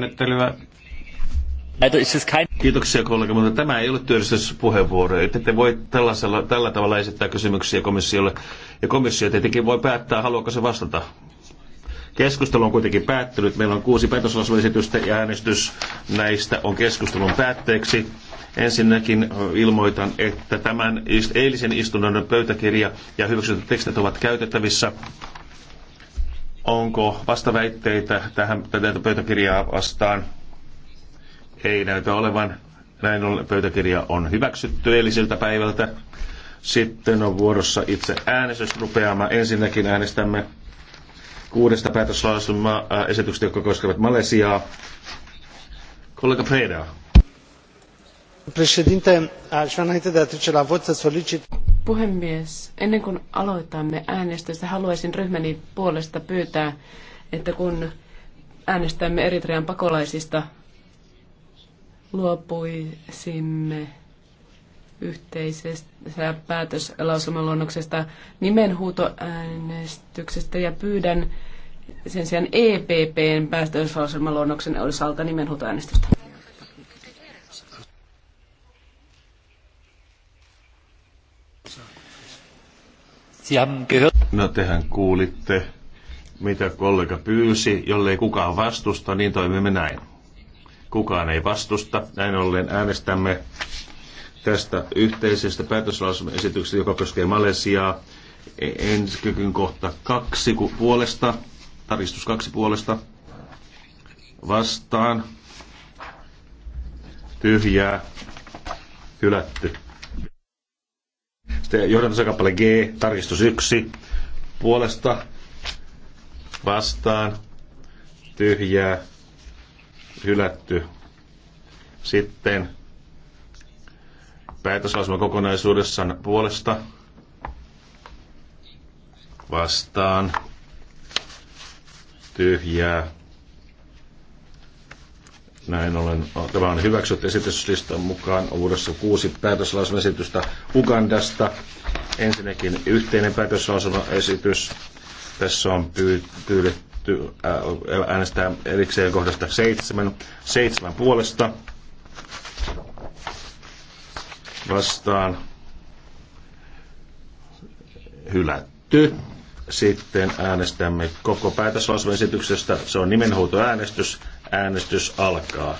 menettelyä. Kiitoksia kollega, mutta tämä ei ole työllisyyspuheenvuoro. Ette te voi tällaisella, tällä tavalla esittää kysymyksiä komissiolle. Ja komissio tietenkin voi päättää, haluaako se vastata. Keskustelu on kuitenkin päättynyt. Meillä on kuusi päätöslausumaesitystä ja äänestys näistä on keskustelun päätteeksi. Ensinnäkin ilmoitan, että tämän eilisen istunnon pöytäkirja ja hyväksytyt tekstit ovat käytettävissä. Onko vastaväitteitä tähän tätä pöytäkirjaa vastaan? Ei näytä olevan. Näin ollen pöytäkirja on hyväksytty eiliseltä päivältä. Sitten on vuorossa itse äänestys rupeama. Ensinnäkin äänestämme kuudesta päätöslauselmaa esityksestä, jotka koskevat Malesiaa. Kollega Preda. Presidente, aș vrea înainte de a trece la vot să solicit Puhemies, ennen kuin aloitamme äänestystä, haluaisin ryhmäni puolesta pyytää, että kun äänestämme Eritrean pakolaisista, luopuisimme yhteisestä päätöslausumaluonnoksesta nimenhuutoäänestyksestä ja pyydän sen sijaan EPPn päätöslausumaluonnoksen osalta nimenhuutoäänestystä. Sie gehört. No tehän kuulitte, mitä kollega pyysi. Jollei kukaan vastusta, niin toimimme näin. Kukaan ei vastusta. Näin ollen äänestämme tästä yhteisestä päätöslausumaesityksestä, joka koskee Malesiaa. E, Ensikykyn kohta kaksi puolesta, tarkistus kaksi puolesta, vastaan, tyhjää, hylätty. Sitten johdantosakappale G, tarkistus 1, puolesta vastaan, tyhjää, hylätty. Sitten päätöslausuma kokonaisuudessaan puolesta vastaan, tyhjää, näin ollen äh, tämä on hyväksytty esityslistan mukaan uudessa kuusi päätöslausumaesitystä Ugandasta. Ensinnäkin yhteinen päätöslausumaesitys. Tässä on pyydetty äh, äänestää erikseen kohdasta seitsemän, seitsemän puolesta vastaan hylätty. Sitten äänestämme koko päätöslausumaesityksestä. Se on nimenhuutoäänestys. Äänestys alkaa.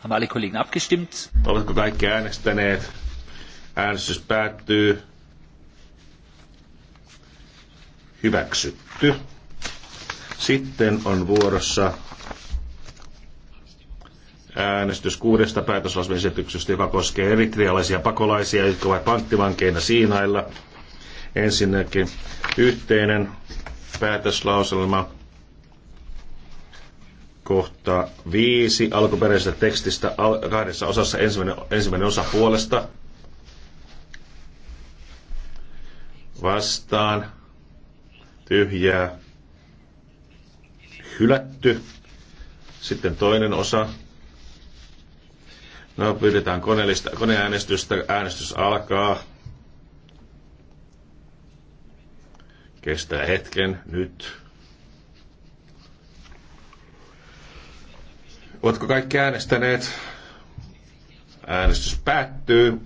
Haben alle Kollegen abgestimmt? Oletko kaikki äänestäneet? Äänestys päättyy. Hyväksytty. Sitten on vuorossa äänestys kuudesta päätöslausumisesityksestä, joka koskee eritrealaisia pakolaisia, jotka ovat panttivankeina Siinailla. Ensinnäkin yhteinen päätöslauselma kohta viisi alkuperäisestä tekstistä kahdessa osassa ensimmäinen, ensimmäinen osa puolesta vastaan tyhjää hylätty. Sitten toinen osa. No, pyydetään koneellista, koneäänestystä. Äänestys alkaa. Kestää hetken nyt. Oletko kaikki äänestäneet? Äänestys päättyy.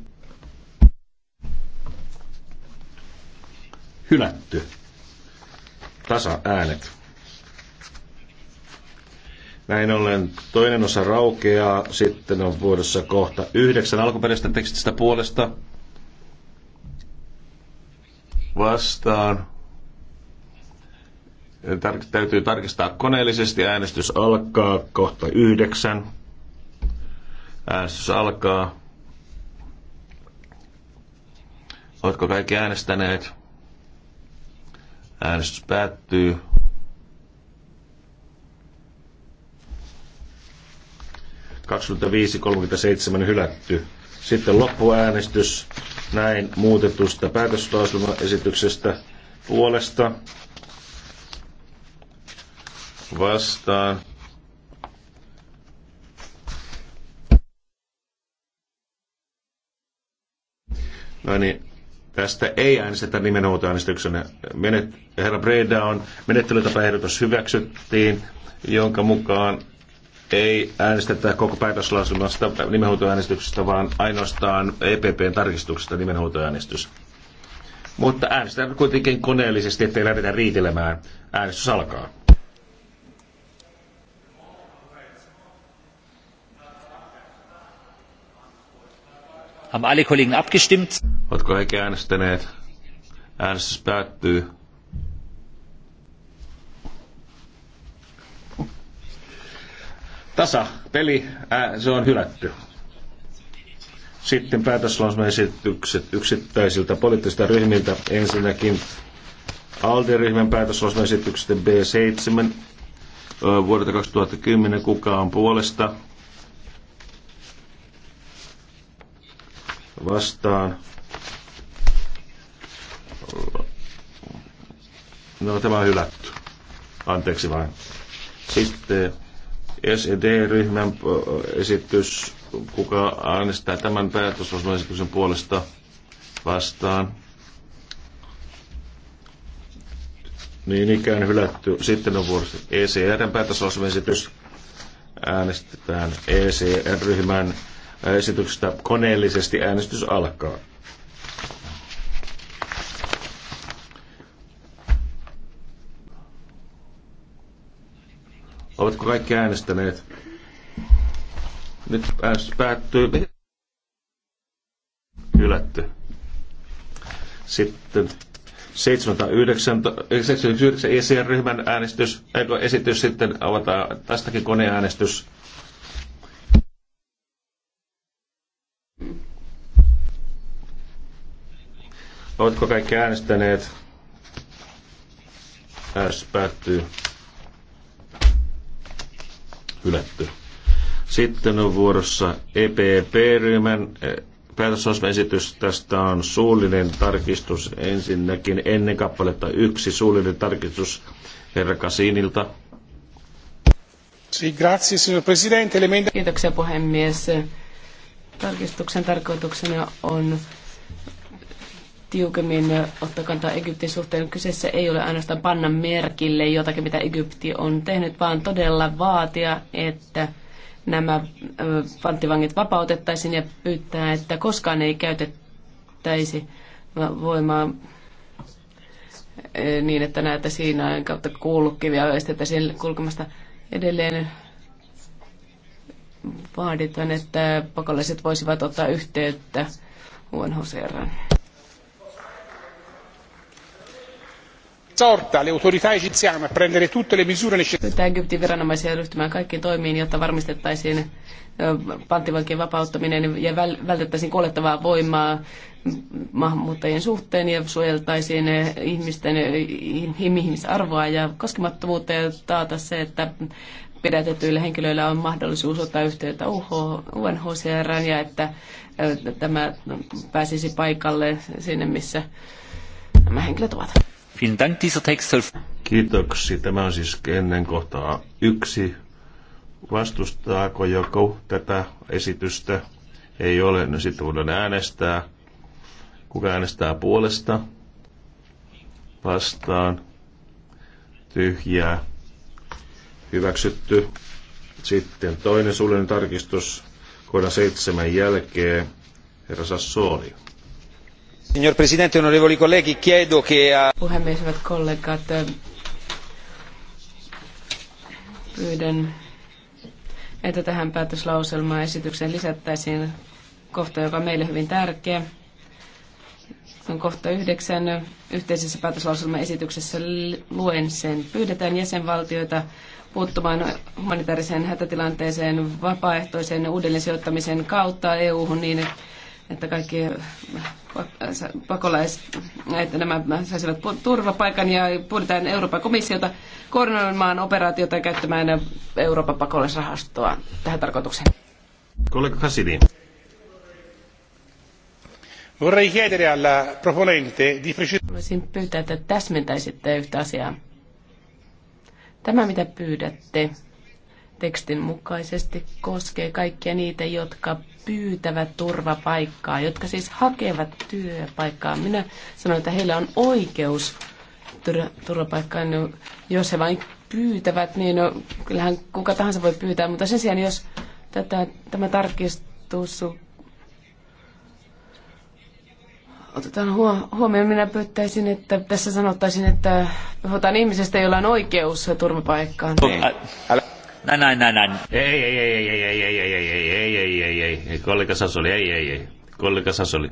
Hylätty. Tasa äänet. Näin ollen toinen osa raukeaa, sitten on vuodossa kohta yhdeksän alkuperäisestä tekstistä puolesta. Vastaan. Tar- täytyy tarkistaa koneellisesti. Äänestys alkaa kohta yhdeksän. Äänestys alkaa. Oletko kaikki äänestäneet? Äänestys päättyy. seitsemän hylätty. Sitten loppuäänestys näin muutetusta päätöslauselmaesityksestä puolesta vastaan. No niin, tästä ei äänestetä äänestyksenä. Menet, herra Breda on menettelytapaehdotus hyväksyttiin, jonka mukaan ei äänestetä koko päätöslausunnosta nimenhuutoäänestyksestä, vaan ainoastaan EPPn tarkistuksesta nimenhuutoäänestys. Mutta äänestetään kuitenkin koneellisesti, ettei lähdetä riitelemään. Äänestys alkaa. Haben alle Kollegen abgestimmt? Oletko kaikki äänestäneet? Äänestys päättyy. Tasa, peli, ää, se on hylätty. Sitten päätöslausumaesitykset yksittäisiltä poliittisilta ryhmiltä. Ensinnäkin ALDE-ryhmän päätöslausumaesitykset B7 vuodelta 2010. Kuka on puolesta? vastaan. No tämä on hylätty. Anteeksi vain. Sitten SED-ryhmän esitys, kuka äänestää tämän päätösosmaesityksen puolesta vastaan. Niin ikään hylätty. Sitten on vuorossa ecr päätösosmaesitys. Äänestetään ECR-ryhmän esityksestä koneellisesti äänestys alkaa. Ovatko kaikki äänestäneet? Nyt äänestys päättyy. Hylätty. Sitten 79 ECR-ryhmän äänestys, eikö esitys sitten avataan tästäkin koneäänestys. Oletko kaikki äänestäneet? Äänestys päättyy. Hylätty. Sitten on vuorossa EPP-ryhmän eh, päätösosmaesitys. Tästä on suullinen tarkistus ensinnäkin ennen kappaletta yksi suullinen tarkistus herra Kasinilta. Kiitoksia puhemies. Tarkistuksen tarkoituksena on tiukemmin ottaa kantaa Egyptin suhteen. Kyseessä ei ole ainoastaan panna merkille jotakin, mitä Egypti on tehnyt, vaan todella vaatia, että nämä panttivangit vapautettaisiin ja pyytää, että koskaan ei käytettäisi voimaa niin, että näitä siinä kautta että estettäisiin kulkemasta edelleen vaaditaan, että pakolaiset voisivat ottaa yhteyttä UNHCRään. sorta le autorità egiziane a prendere tutte le misure necessarie. Pyytää Egyptin viranomaisia ryhtymään kaikkiin toimiin, jotta varmistettaisiin panttivankien vapauttaminen ja vältettäisiin kuolettavaa voimaa maahanmuuttajien suhteen ja suojeltaisiin ihmisten ihmisarvoa ja koskemattomuutta ja taata se, että pidätetyillä henkilöillä on mahdollisuus ottaa yhteyttä UNHCR ja että tämä pääsisi paikalle sinne, missä nämä henkilöt ovat. Vielen Dank, dieser Text soll... Kiitoksia. Tämä on siis ennen kohtaa yksi. Vastustaako joku tätä esitystä? Ei ole, no sitten voidaan äänestää. Kuka äänestää puolesta? Vastaan. Tyhjää. Hyväksytty. Sitten toinen suullinen tarkistus kohdan seitsemän jälkeen. Herra Sassoni. Signor Presidente, onorevoli colleghi, chiedo che a... Eh, Puhemies, hyvät kollegat, eh, pyydän, että tähän päätöslauselmaan esitykseen lisättäisiin kohta, joka on meille hyvin tärkeä. Se on kohta yhdeksän yhteisessä päätöslauselmaesityksessä luen sen. Pyydetään jäsenvaltioita puuttumaan humanitaariseen hätätilanteeseen vapaaehtoisen uudelleen sijoittamisen kautta EU-hun niin, että kaikki pakolais, että nämä saisivat turvapaikan ja pyydetään Euroopan komissiota koordinoimaan operaatiota ja käyttämään Euroopan pakolaisrahastoa tähän tarkoitukseen. Kollega Kasidin. Vorrei chiedere alla proponente di precisare. Voisin pyytää, että täsmentäisitte yhtä asiaa. Tämä, mitä pyydätte, tekstin mukaisesti koskee kaikkia niitä, jotka pyytävät turvapaikkaa, jotka siis hakevat työpaikkaa. Minä sanon, että heillä on oikeus turvapaikkaan, no, jos he vain pyytävät, niin no, kyllähän kuka tahansa voi pyytää, mutta sen sijaan, jos tätä, tämä tarkistus otetaan huomioon, minä pyytäisin, että tässä sanottaisin, että puhutaan ihmisestä, jolla on oikeus turvapaikkaan. Niin. Älä näin, näin, näin, näin. Ei, ei, ei, ei, ei, ei, ei, ei, ei, ei, ei, ei, ei, kollega Sasoli, ei, ei, ei, kollega Sasoli.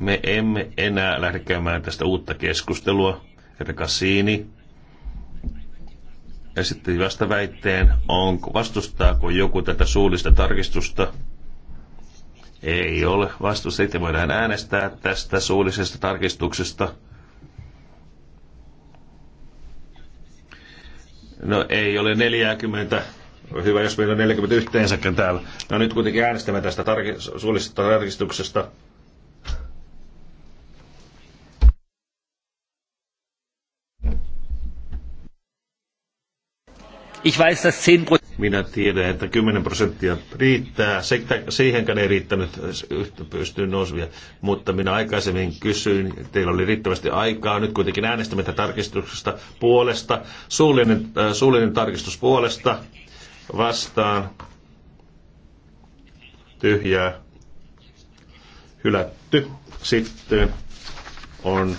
Me emme enää lähde käymään tästä uutta keskustelua. Herra Cassini esitti vastaväitteen, onko, vastustaako joku tätä suullista tarkistusta. Ei ole vastusta. Sitten voidaan äänestää tästä suullisesta tarkistuksesta. No ei ole 40. Hyvä, jos meillä on 40 yhteensäkin täällä. No nyt kuitenkin äänestämme tästä tarki- suullisesta tarkistuksesta. Ich weiß, dass 10 minä tiedän, että 10 prosenttia riittää. Siihenkään ei riittänyt pystyyn nousuja. Mutta minä aikaisemmin kysyin, teillä oli riittävästi aikaa. Nyt kuitenkin äänestämättä tarkistuksesta puolesta. Suullinen, äh, suullinen tarkistus puolesta vastaan. Tyhjää. Hylätty. Sitten on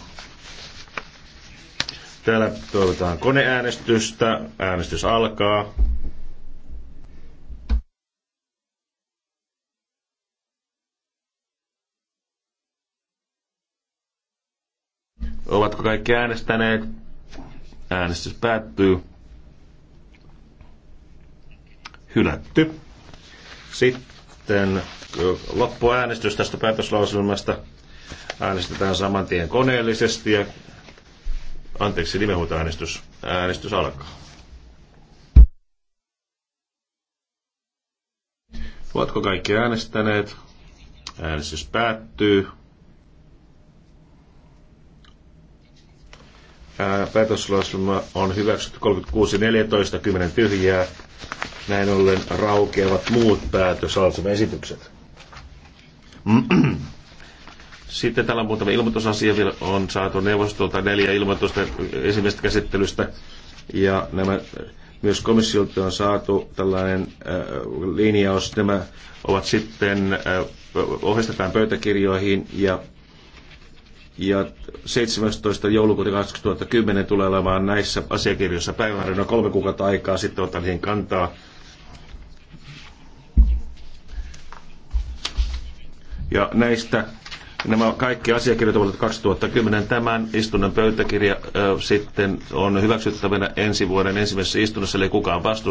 Täällä toivotaan koneäänestystä. Äänestys alkaa. Ovatko kaikki äänestäneet? Äänestys päättyy. Hylätty. Sitten loppuäänestys tästä päätöslauselmasta äänestetään saman tien koneellisesti ja anteeksi, nimenhuutoäänestys äänestys alkaa. Ovatko kaikki äänestäneet? Äänestys päättyy. Päätöslauselma on hyväksytty 36.14, 10 tyhjää. Näin ollen raukeavat muut esitykset. Sitten täällä on muutama ilmoitusasia vielä. On saatu neuvostolta neljä ilmoitusta ensimmäisestä käsittelystä. Ja nämä myös komissiolta on saatu tällainen äh, linjaus. Nämä ovat sitten, äh, ohjastetaan pöytäkirjoihin ja ja 17. joulukuuta 2010 tulee olemaan näissä asiakirjoissa päivämääränä kolme kuukautta aikaa sitten ottaa niihin kantaa. Ja näistä nämä kaikki asiakirjat vuodelta 2010 tämän istunnon pöytäkirja ö, sitten on hyväksyttävänä ensi vuoden ensimmäisessä istunnossa, eli kukaan vastu